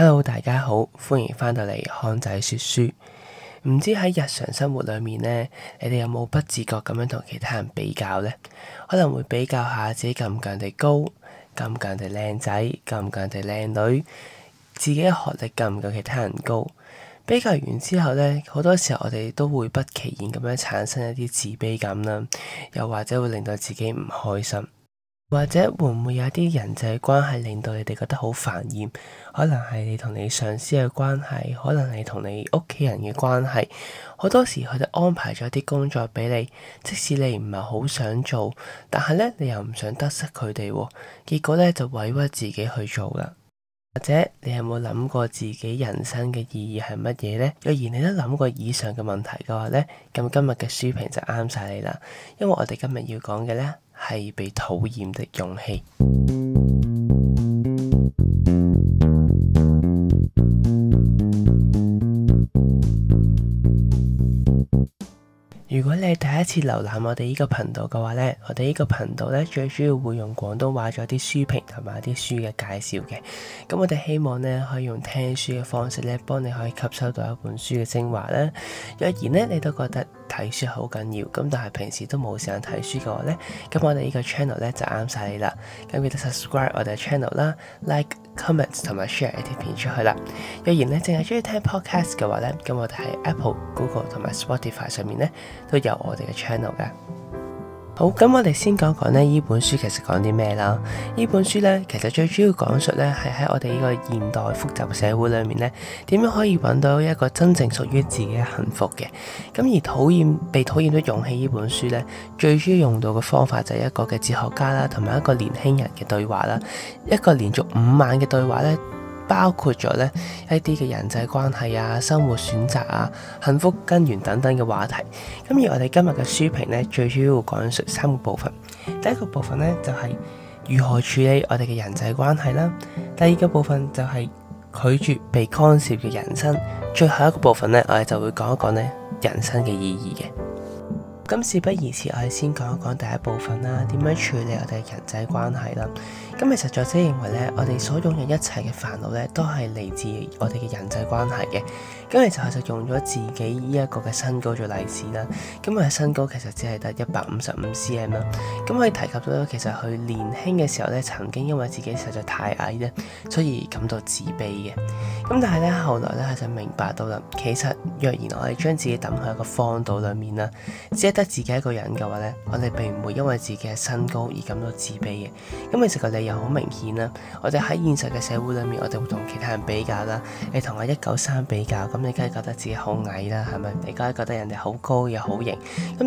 Hello，大家好，歡迎翻到嚟康仔說書。唔知喺日常生活裏面咧，你哋有冇不自覺咁樣同其他人比較咧？可能會比較下自己夠唔夠人哋高，夠唔夠人哋靚仔，夠唔夠人哋靚女，自己嘅學歷夠唔夠其他人高？比較完之後咧，好多時候我哋都會不期然咁樣產生一啲自卑感啦，又或者會令到自己唔開心。或者會唔會有一啲人際關係令到你哋覺得好煩厭？可能係你同你上司嘅關係，可能係同你屋企人嘅關係。好多時佢哋安排咗啲工作俾你，即使你唔係好想做，但係咧你又唔想得失佢哋，結果咧就委屈自己去做啦。或者你有冇諗過自己人生嘅意義係乜嘢咧？若然你都諗過以上嘅問題嘅話咧，咁今日嘅書評就啱曬你啦，因為我哋今日要講嘅咧。係被討厭的勇氣。如果你第一次瀏覽我哋呢個頻道嘅話呢，我哋呢個頻道呢，最主要會用廣東話做啲書評同埋啲書嘅介紹嘅。咁我哋希望呢，可以用聽書嘅方式呢，幫你可以吸收到一本書嘅精華啦。若然呢，你都覺得。睇書好緊要，咁但係平時都冇時間睇書嘅話呢，咁我哋呢個 channel 咧就啱晒你啦。咁記得 subscribe 我哋嘅 channel 啦，like、comment 同埋 share 呢啲片出去啦。若然咧，淨係中意聽 podcast 嘅話呢，咁我哋喺 Apple、Google 同埋 Spotify 上面呢，都有我哋嘅 channel 嘅。好，咁我哋先講講呢呢本書其實講啲咩啦？呢本書呢，其實最主要講述呢係喺我哋呢個現代複雜社會裏面呢，點樣可以搵到一個真正屬於自己嘅幸福嘅。咁而討厭被討厭的勇氣呢本書呢，最主要用到嘅方法就係一個嘅哲學家啦，同埋一個年輕人嘅對話啦，一個連續五晚嘅對話呢，包括咗咧一啲嘅人際關係啊、生活選擇啊、幸福根源等等嘅話題。咁而我哋今日嘅書評咧，最主要講述三個部分。第一個部分咧就係如何處理我哋嘅人際關係啦。第二個部分就係拒絕被干涉嘅人生。最後一個部分咧，我哋就會講一講咧人生嘅意義嘅。咁事不宜遲，我哋先講一講第一部分啦，點樣處理我哋嘅人際關係啦？咁其實作者認為呢，我哋所擁有一切嘅煩惱呢，都係嚟自我哋嘅人際關係嘅。咁其實佢就係就用咗自己呢一個嘅身高做例子啦。咁佢身高其實只係得一百五十五 cm 啦。咁佢提及到其實佢年輕嘅時候呢，曾經因為自己實在太矮呢，所以感到自卑嘅。咁但係呢，後來呢，佢就明白到啦，其實若然我哋將自己抌喺一個荒島裏面啦，得自己一個人嘅話呢，我哋並唔會因為自己嘅身高而感到自卑嘅。咁其實個理由好明顯啦，我哋喺現實嘅社會裏面，我哋會同其他人比較啦。你同我一九三比較，咁你梗係覺得自己好矮啦，係咪？你梗係覺得人哋好高又好型。咁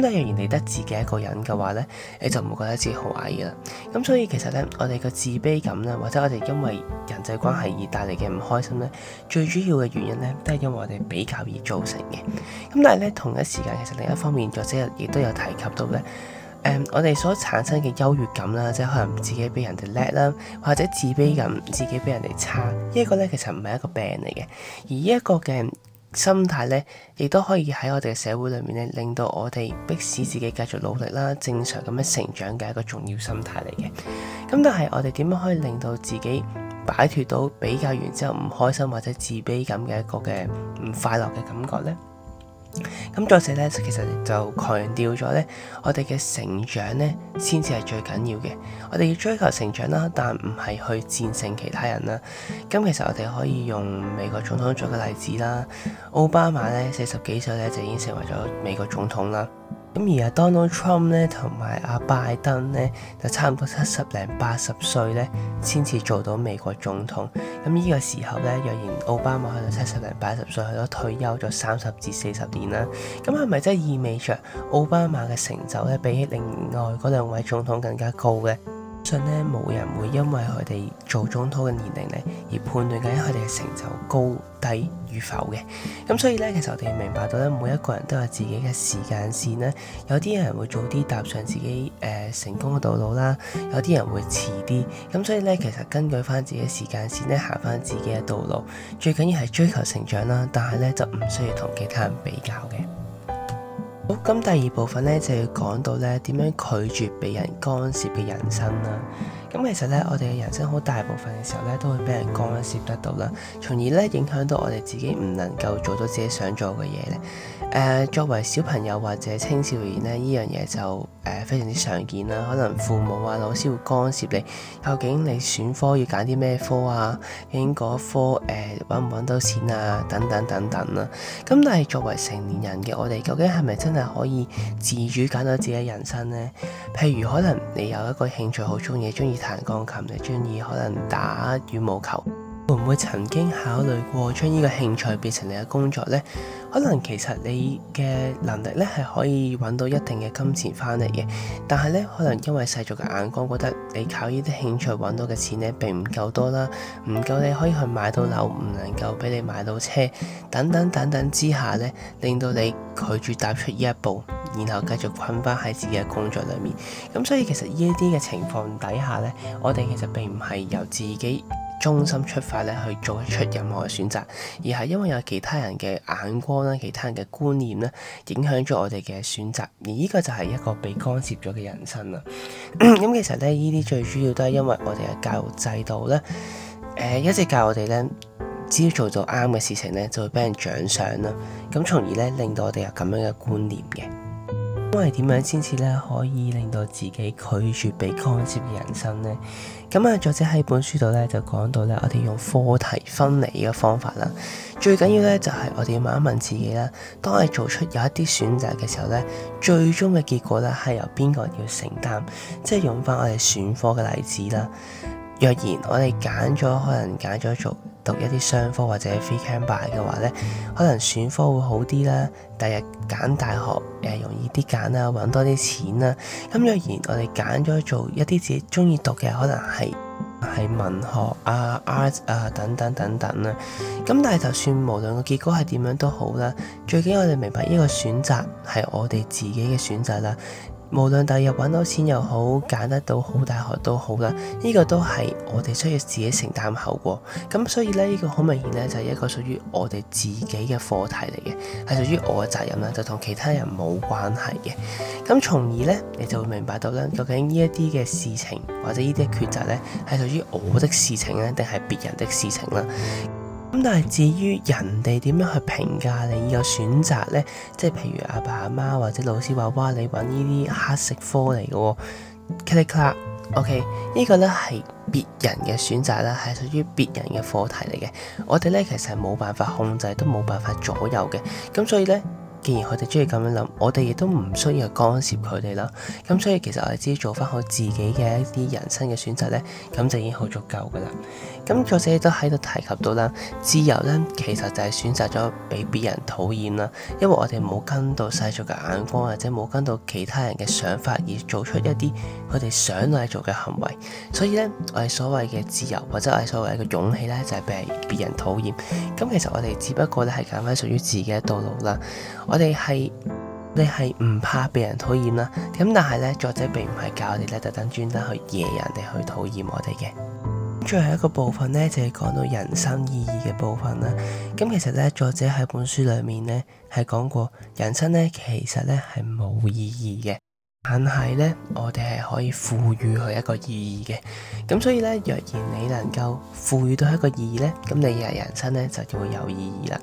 但係若然你得自己一個人嘅話呢，你就唔會覺得自己好矮嘅啦。咁所以其實呢，我哋嘅自卑感呢，或者我哋因為人際關係而帶嚟嘅唔開心呢，最主要嘅原因呢，都係因為我哋比較而造成嘅。咁但係呢，同一時間其實另一方面作者，亦都有提及到咧、嗯，我哋所產生嘅優越感啦，即係可能自己比人哋叻啦，或者自卑感，自己比人哋差，這個、呢一個咧其實唔係一個病嚟嘅，而呢一個嘅心態咧，亦都可以喺我哋嘅社會裏面咧，令到我哋迫使自己繼續努力啦，正常咁樣成長嘅一個重要心態嚟嘅。咁但係我哋點樣可以令到自己擺脱到比較完之後唔開心或者自卑感嘅一個嘅唔快樂嘅感覺呢？咁作者咧，其實就強調咗咧，我哋嘅成長咧，先至係最緊要嘅。我哋要追求成長啦，但唔係去戰勝其他人啦。咁其實我哋可以用美國總統做個例子啦，奧巴馬咧，四十幾歲咧就已經成為咗美國總統啦。咁而阿 Donald Trump 咧，同埋阿拜登咧，就差唔多七十零八十歲咧先至做到美國總統。咁呢個時候咧，若然奧巴馬去到七十零八十歲，去到退休咗三十至四十年啦。咁係咪真係意味著奧巴馬嘅成就咧，比起另外嗰兩位總統更加高嘅？相信咧，冇人會因為佢哋做中途嘅年齡咧，而判斷緊佢哋嘅成就高低與否嘅。咁所以咧，其實我哋明白到咧，每一個人都有自己嘅時間線咧。有啲人會早啲踏上自己誒、呃、成功嘅道路啦，有啲人會遲啲。咁所以咧，其實根據翻自己嘅時間線咧，行翻自己嘅道路，最緊要係追求成長啦。但係咧，就唔需要同其他人比較嘅。好，咁第二部分咧，就要講到咧，點樣拒絕被人干涉嘅人生啦，啊。咁其實咧，我哋嘅人生好大部分嘅時候咧，都會俾人干涉得到啦，從而咧影響到我哋自己唔能夠做到自己想做嘅嘢咧。誒、呃，作為小朋友或者青少年呢，呢樣嘢就誒、呃、非常之常見啦。可能父母啊、老師會干涉你，究竟你選科要揀啲咩科啊？究竟嗰科誒揾唔揾到錢啊？等等等等啦、啊。咁但係作為成年人嘅我哋，究竟係咪真係可以自主揀到自己人生呢？譬如可能你有一個興趣好中意，中意，彈鋼琴，你中意可能打羽毛球，會唔會曾經考慮過將呢個興趣變成你嘅工作呢？可能其實你嘅能力呢係可以揾到一定嘅金錢翻嚟嘅，但係呢，可能因為世俗嘅眼光，覺得你靠呢啲興趣揾到嘅錢呢並唔夠多啦，唔夠你可以去買到樓，唔能夠俾你買到車，等等等等之下呢，令到你拒絕踏出呢一步。然後繼續困翻喺自己嘅工作裏面，咁所以其實呢一啲嘅情況底下呢，我哋其實並唔係由自己中心出發咧去做出任何嘅選擇，而係因為有其他人嘅眼光啦、其他人嘅觀念咧，影響咗我哋嘅選擇，而呢個就係一個被干涉咗嘅人生啦。咁、 嗯、其實呢，呢啲最主要都係因為我哋嘅教育制度呢。呃、一直教我哋呢，只要做到啱嘅事情呢，就會俾人獎賞啦，咁從而呢，令到我哋有咁樣嘅觀念嘅。因為點樣先至咧可以令到自己拒絕被干涉嘅人生呢？咁、嗯、啊，作者喺本書度咧就講到咧，我哋用課題分離嘅方法啦。最緊要咧就係我哋要問一問自己啦，當我哋做出有一啲選擇嘅時候咧，最終嘅結果咧係由邊個人要承擔？即係用翻我哋選科嘅例子啦。若然我哋揀咗可能揀咗做。讀一啲商科或者 f e camp by 嘅話呢，可能選科會好啲啦，第日揀大學誒容易啲揀啦，揾多啲錢啦。咁若然我哋揀咗做一啲自己中意讀嘅，可能係係文學啊、art 啊等等等等啦。咁但係就算無論個結果係點樣都好啦，最緊要我哋明白呢個選擇係我哋自己嘅選擇啦。無論第日揾到錢又好，揀得到好大學都好啦，呢個都係我哋需要自己承擔後果。咁所以呢，呢個好明顯呢，就係一個屬於我哋自己嘅課題嚟嘅，係屬於我嘅責任啦，就同其他人冇關係嘅。咁從而呢，你就會明白到啦，究竟呢一啲嘅事情或者呢啲嘅抉擇呢，係屬於我的事情呢，定係別人的事情啦。咁但係至於人哋點樣去評價你呢個選擇呢？即係譬如阿爸阿媽或者老師話哇，你揾呢啲黑色科嚟嘅，click click，OK，呢個呢係別人嘅選擇啦，係屬於別人嘅課題嚟嘅。我哋呢其實係冇辦法控制，都冇辦法左右嘅。咁所以呢，既然佢哋中意咁樣諗，我哋亦都唔需要干涉佢哋啦。咁所以其實我哋自己做翻好自己嘅一啲人生嘅選擇呢，咁就已經好足夠噶啦。咁作者都喺度提及到啦，自由咧其實就係選擇咗俾別人討厭啦，因為我哋冇跟到世俗嘅眼光，或者冇跟到其他人嘅想法而做出一啲佢哋想嚟做嘅行為，所以咧，我哋所謂嘅自由或者我哋所謂嘅勇氣咧，就係俾別人討厭。咁其實我哋只不過咧係揀翻屬於自己嘅道路啦。我哋係，你係唔怕被人討厭啦。咁但係咧，作者並唔係教我哋咧特登專登去惹人哋去討厭我哋嘅。最後一個部分咧就係、是、講到人生意義嘅部分啦。咁其實咧作者喺本書裏面咧係講過，人生咧其實咧係冇意義嘅，但係咧我哋係可以賦予佢一個意義嘅。咁所以咧，若然你能夠賦予到一個意義咧，咁你人生咧就叫要有意義啦。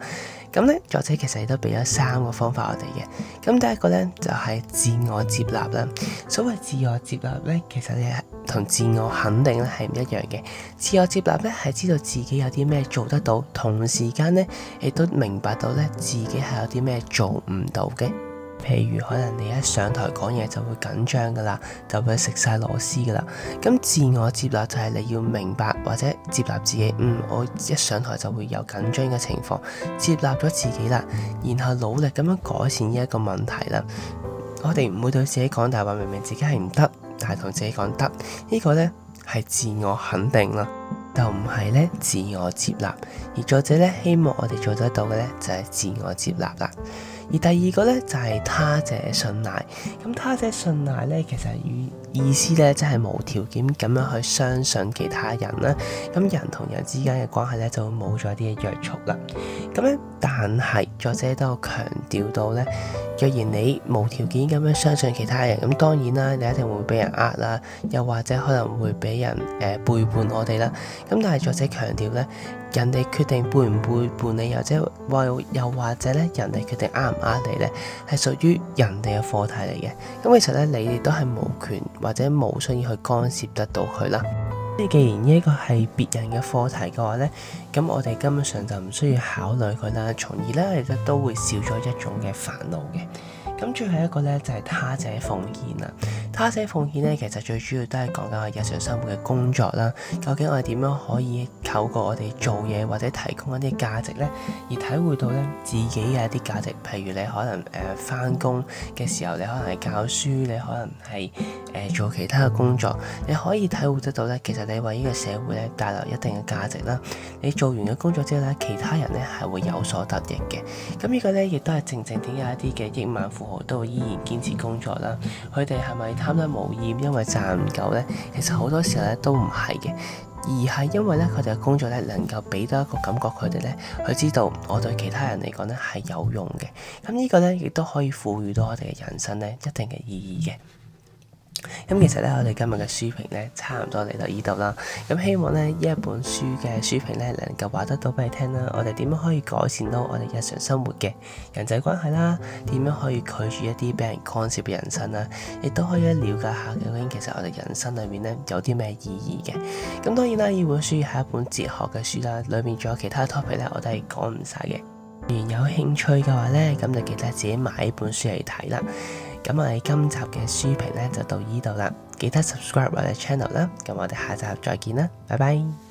咁咧，作者其實亦都俾咗三個方法我哋嘅。咁第一個咧就係自我接納啦。所謂自我接納咧，其實亦同自我肯定咧係唔一樣嘅。自我接納咧係知道自己有啲咩做得到，同時間咧亦都明白到咧自己係有啲咩做唔到嘅。譬如可能你一上台講嘢就會緊張噶啦，就會食晒螺絲噶啦。咁自我接納就係你要明白或者接納自己，嗯，我一上台就會有緊張嘅情況，接納咗自己啦，然後努力咁樣改善呢一個問題啦。我哋唔會對自己講大話，明明自己係唔得，但係同自己講得，呢、呢個呢係自我肯定啦，就唔係呢自我接納。而作者呢，希望我哋做得到嘅呢，就係自我接納啦。而第二個呢，就係、是、他者信賴，咁他者信賴呢，其實意意思呢，即係無條件咁樣去相信其他人啦。咁人同人之間嘅關係呢，就冇咗啲約束啦。咁呢，但係。作者都有強調到呢：若然你無條件咁樣相信其他人，咁當然啦，你一定會俾人呃啦，又或者可能會俾人誒、呃、背叛我哋啦。咁但係作者強調呢：人哋決定背唔背叛你，又者或又或者咧，人哋決定呃唔呃你呢，係屬於人哋嘅課題嚟嘅。咁其實呢，你哋都係無權或者無需要去干涉得到佢啦。即係既然呢一個係別人嘅課題嘅話咧，咁我哋根本上就唔需要考慮佢啦，從而咧其實都會少咗一種嘅煩惱嘅。咁最後一個咧，就係他者奉獻啦。他者奉獻咧，其實最主要都係講緊我日常生活嘅工作啦。究竟我哋點樣可以透過我哋做嘢或者提供一啲價值咧，而體會到咧自己嘅一啲價值？譬如你可能誒翻工嘅時候，你可能係教書，你可能係誒做其他嘅工作，你可以體會得到咧，其實你為呢個社會咧帶來一定嘅價值啦。你做完嘅工作之後咧，其他人咧係會有所得益嘅。咁呢個咧亦都係正正點解一啲嘅億萬富我都依然堅持工作啦。佢哋係咪貪得無厭，因為賺唔夠呢？其實好多時候咧都唔係嘅，而係因為咧佢哋嘅工作咧能夠俾到一個感覺，佢哋咧去知道我對其他人嚟講咧係有用嘅。咁呢個咧亦都可以賦予到我哋嘅人生咧一定嘅意義嘅。咁其實呢，我哋今日嘅書評呢，差唔多嚟到呢度啦。咁希望呢，依一本書嘅書評呢，能夠話得到俾你聽啦。我哋點樣可以改善到我哋日常生活嘅人際關係啦？點樣可以拒絕一啲俾人干涉嘅人生啦？亦都可以瞭解下究竟其實我哋人生裏面呢，有啲咩意義嘅？咁當然啦，呢本書係一本哲學嘅書啦，裏面仲有其他 topic 呢，我都係講唔晒嘅。如有興趣嘅話呢，咁就記得自己買本書嚟睇啦。咁我哋今集嘅書評咧就到呢度啦，記得 subscribe 我哋 channel 啦。咁我哋下集再見啦，拜拜。